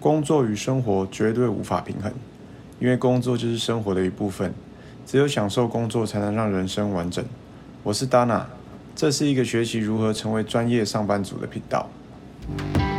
工作與生活絕對無法平衡，因為工作就是生活的一部分。只有享受工作，才能讓人生完整。我是 Dana，這是一個學習如何成為專業上班族的頻道。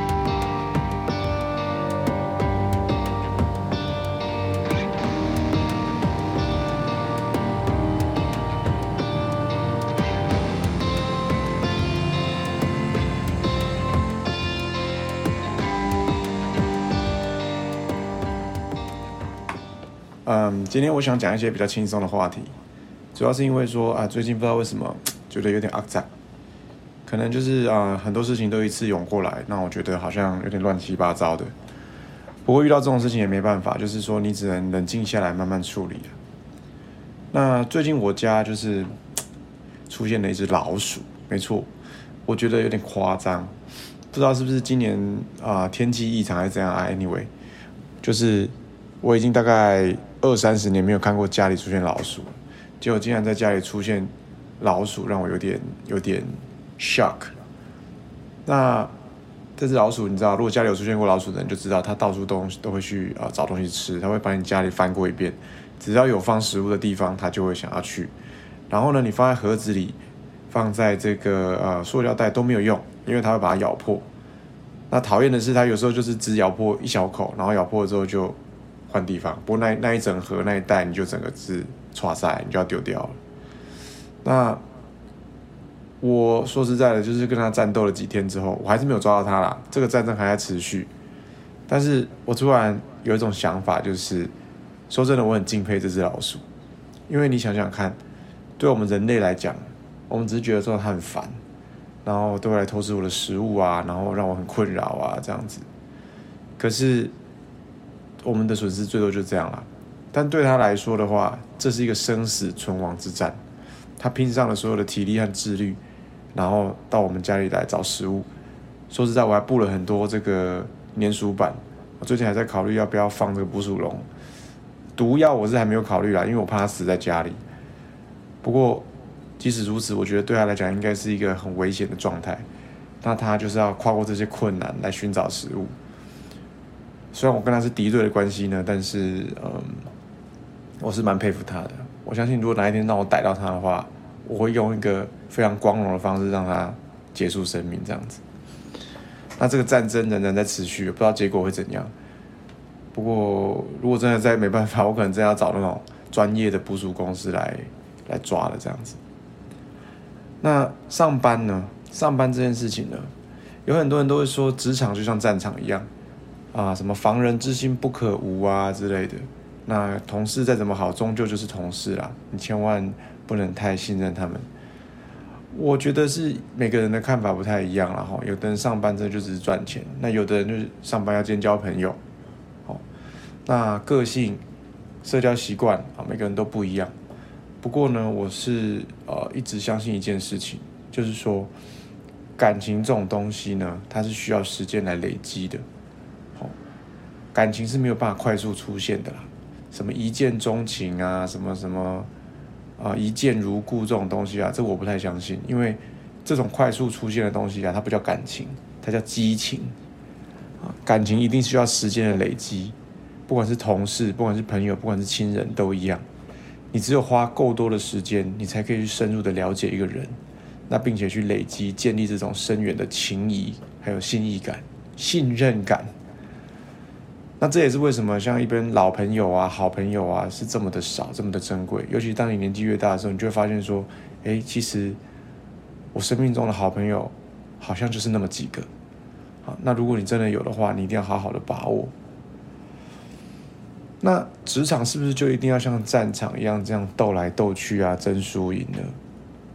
嗯，今天我想講一些比較輕鬆的話題，主要是因為說啊，最近不知道為什麼覺得有點阿雜，可能就是啊、嗯，很多事情都一次湧過來，讓我覺得好像有點亂七八糟的。不過遇到這種事情也沒辦法，就是說你只能冷靜下來慢慢處理。那最近我家就是出現了一只老鼠，沒錯，我覺得有點誇張，不知道是不是今年啊、呃、天氣異常還是怎樣啊？Anyway，就是我已經大概。二三十年沒有看過家裡出現老鼠，結果竟然在家裡出現老鼠，讓我有點有點 shock。那這隻老鼠，你知道，如果家裡有出現過老鼠的人就知道，它到處東西都會去啊、呃、找東西吃，它會把你家裡翻過一遍，只要有放食物的地方，它就會想要去。然後呢，你放在盒子裡，放在這個呃塑料袋都沒有用，因為它會把它咬破。那討厭的是，它有時候就是只咬破一小口，然後咬破了之後就。換地方，不過那那一整盒那一袋，你就整個字刷下來，你就要丟掉了。那我說實在的，就是跟他戰鬥了幾天之後，我還是沒有抓到他啦。這個戰爭還在持續，但是我突然有一種想法，就是說真的，我很敬佩這隻老鼠。因為你想想看，對我們人類來講，我們只是覺得說它很煩，然後都來偷吃我的食物啊，然後讓我很困擾啊，這樣子。可是。我們的損失最多就這樣了，但對他來說的話，這是一個生死存亡之戰。他拼上了所有的體力和智力，然後到我們家裡來找食物。說實在，我還布了很多這個粘鼠板我最近還在考慮要不要放這個捕鼠籠。毒藥我是還沒有考慮啊，因為我怕他死在家裡。不過即使如此，我覺得對他來講應該是一個很危險的狀態。那他就是要跨過這些困難來尋找食物。雖然我跟他是敵對的關係呢，但是嗯，我是蠻佩服他的。我相信，如果哪一天讓我逮到他的話，我會用一個非常光榮的方式讓他結束生命，這樣子。那這個戰爭仍然在持續，不知道結果會怎樣。不過，如果真的再沒辦法，我可能真的要找那種專業的捕鼠公司來來抓了，這樣子。那上班呢？上班這件事情呢，有很多人都會說，職場就像戰場一樣。啊，什麼防人之心不可無啊之類的。那同事再怎麼好，終究就是同事啦，你千萬不能太信任他們。我覺得是每個人的看法不太一樣啦。哈。有的人上班真的就只是賺錢，那有的人就是上班要兼交朋友。哦，那個性社交習慣啊，每個人都不一樣。不過呢，我是呃一直相信一件事情，就是說感情這種東西呢，它是需要時間來累積的。感情是沒有辦法快速出現的啦，什麼一見鍾情啊，什麼什麼，啊一見如故這種東西啊，這我不太相信，因為這種快速出現的東西啊，它不叫感情，它叫激情。啊，感情一定需要時間的累積，不管是同事，不管是朋友，不管是親人都一樣，你只有花夠多的時間，你才可以去深入的了解一個人，那並且去累積建立這種深遠的情誼，還有信義感、信任感。那這也是為什麼像一般老朋友啊、好朋友啊是這麼的少、這麼的珍貴。尤其當你年紀越大的時候，你就會發現說，哎，其實我生命中的好朋友好像就是那麼幾個。好，那如果你真的有的話，你一定要好好的把握。那職場是不是就一定要像戰場一樣這樣鬥來鬥去啊、爭輸贏呢？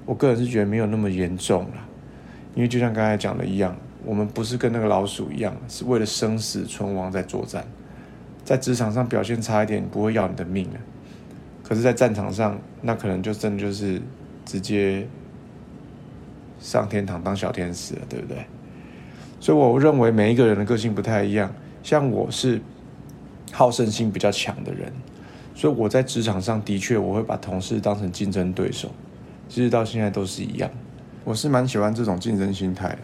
我個人是覺得沒有那麼嚴重啦，因為就像剛才講的一樣。我們不是跟那個老鼠一樣，是為了生死存亡在作戰，在職場上表現差一點，你不會要你的命了啊。可是，在戰場上，那可能就真的就是直接上天堂當小天使了，對不對？所以，我認為每一個人的個性不太一樣，像我是好勝心比較強的人，所以我在職場上的確我會把同事當成競爭對手，其實到現在都是一樣，我是蠻喜歡這種競爭心態的。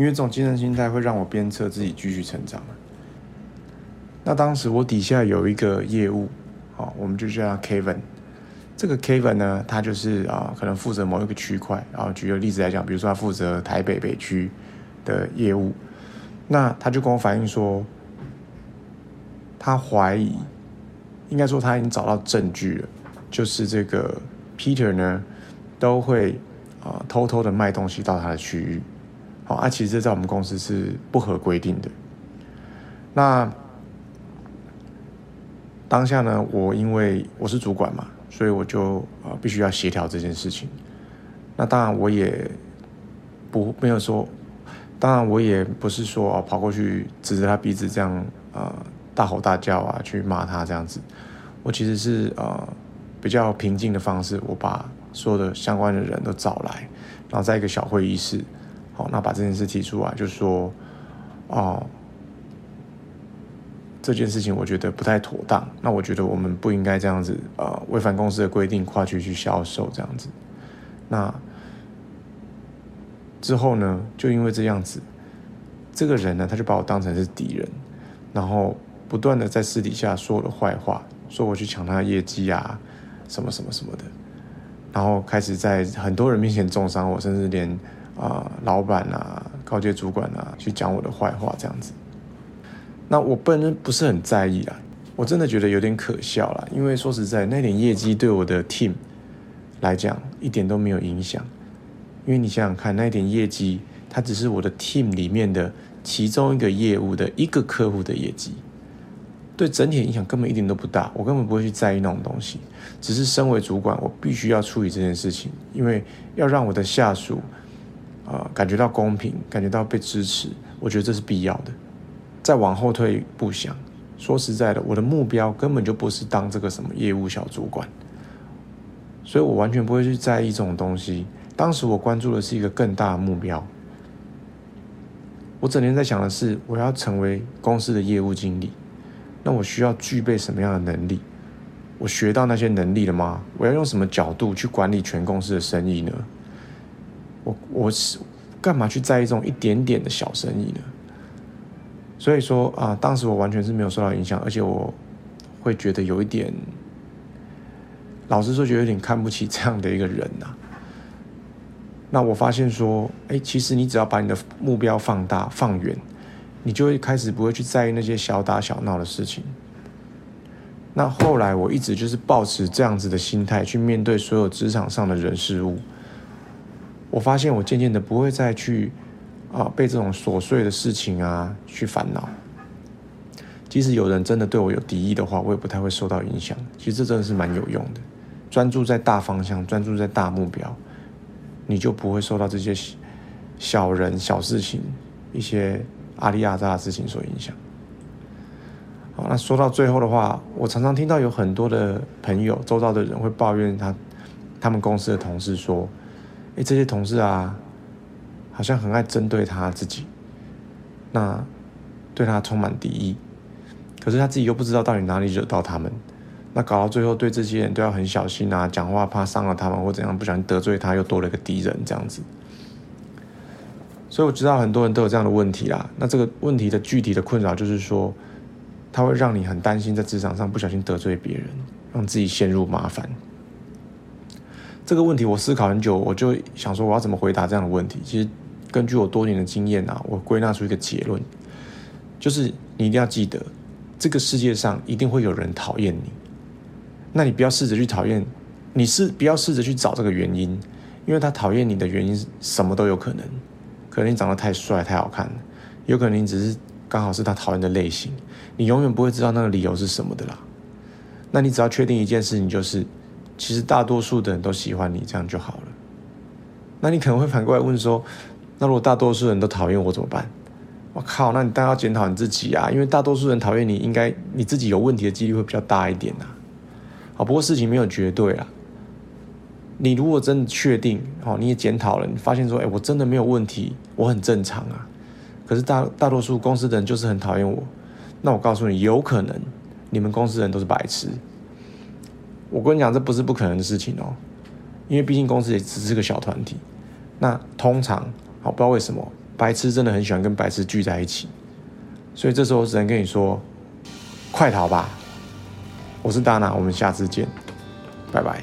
因為這種精神心態會讓我鞭策自己繼續成長，啊。那當時我底下有一個業務，啊，我們就叫他 Kevin。這個 Kevin 呢，他就是啊、呃，可能負責某一個區塊。啊、呃，舉個例子來講，比如說他負責台北北區的業務，那他就跟我反映說，他懷疑，應該說他已經找到證據了，就是這個 Peter 呢，都會啊、呃、偷偷的賣東西到他的區域。啊，其實這在我們公司是不合規定的。那當下呢，我因為我是主管嘛，所以我就啊、呃，必須要協調這件事情。那當然，我也不沒有說，當然我也不是說、哦、跑過去指着他鼻子這樣呃大吼大叫啊，去罵他這樣子。我其實是呃比較平靜的方式，我把所有的相關的人都找來，然後在一個小會議室。那把這件事提出來，就說，哦、呃，這件事情我覺得不太妥當。那我覺得我們不應該這樣子，呃，違反公司的規定跨區去，去銷售這樣子。那之後呢，就因為這樣子，這個人呢，他就把我當成是敵人，然後不斷的在私底下說我的壞話，說我去搶他的業績啊，什麼什麼什麼的，然後開始在很多人面前中傷我，甚至連。啊、呃，老闆啊，高階主管啊，去講我的壞話這樣子，那我本人不是很在意啊。我真的覺得有點可笑了，因為說實在，那點業績對我的 team 來講一點都沒有影響。因為你想想看，那點業績，它只是我的 team 裡面的其中一個業務的一個客戶的業績，對整體的影響根本一點都不大。我根本不會去在意那種東西，只是身為主管，我必須要處理這件事情，因為要讓我的下屬。呃，感覺到公平，感覺到被支持，我覺得這是必要的。再往後退一步想。說實在的，我的目標根本就不是當這個什麼業務小主管，所以我完全不會去在意這種東西。當時我關注的是一個更大的目標。我整天在想的是，我要成為公司的業務經理，那我需要具備什麼樣的能力？我學到那些能力了嗎？我要用什麼角度去管理全公司的生意呢？我我是幹嘛去在意這種一點點的小生意呢？所以說啊，當時我完全是沒有受到影響，而且我會覺得有一點，老實說，覺得有點看不起這樣的一個人吶、啊。那我發現說，哎、欸，其實你只要把你的目標放大、放遠，你就會開始不會去在意那些小打小鬧的事情。那後來我一直就是抱持這樣子的心態去面對所有職場上的人事物。我發現我漸漸的不會再去，啊，被這種瑣碎的事情啊去煩惱。即使有人真的對我有敵意的話，我也不太會受到影響。其實這真的是蠻有用的，專注在大方向，專注在大目標，你就不會受到這些小人、小事情、一些阿哩阿雜的事情所影響。好，那說到最後的話，我常常聽到有很多的朋友、周遭的人會抱怨他他們公司的同事說。這些同事啊，好像很愛針對他自己，那對他充滿敵意，可是他自己又不知道到底哪裡惹到他們，那搞到最後對這些人都要很小心啊，講話怕傷了他們或怎樣，不小心得罪他，又多了一個敵人這樣子。所以我知道很多人都有這樣的問題啦，那這個問題的具體的困擾就是說，他會讓你很擔心在職場上不小心得罪別人，讓自己陷入麻煩。這個問題我思考很久，我就想說我要怎麼回答這樣的問題。其實根據我多年的經驗啊，我歸納出一個結論，就是你一定要記得，這個世界上一定會有人討厭你。那你不要試着去討厭，你是不要試着去找這個原因，因為他討厭你的原因什麼都有可能，可能你長得太帥，太好看，有可能你只是剛好是他討厭的類型，你永遠不會知道那個理由是什麼的啦。那你只要確定一件事情就是。其實大多數的人都喜歡你，這樣就好了。那你可能會反過來問說：“那如果大多數人都討厭我，我怎麼辦？”我靠，那你當然要檢討你自己啊！因為大多數人討厭你，應該你自己有問題的幾率會比較大一點啊。好，不過事情沒有絕對啊。你如果真的確定哦，你也檢討了，你發現說：“哎，我真的沒有問題，我很正常啊。”可是大大多數公司的人就是很討厭我。那我告訴你，有可能你們公司人都是白痴。我跟你講，這不是不可能的事情哦，因為畢竟公司也只是個小團體。那通常，好，不知道為什麼，白痴真的很喜歡跟白痴聚在一起，所以這時候我只能跟你說，快逃吧！我是大拿，我們下次見，拜拜。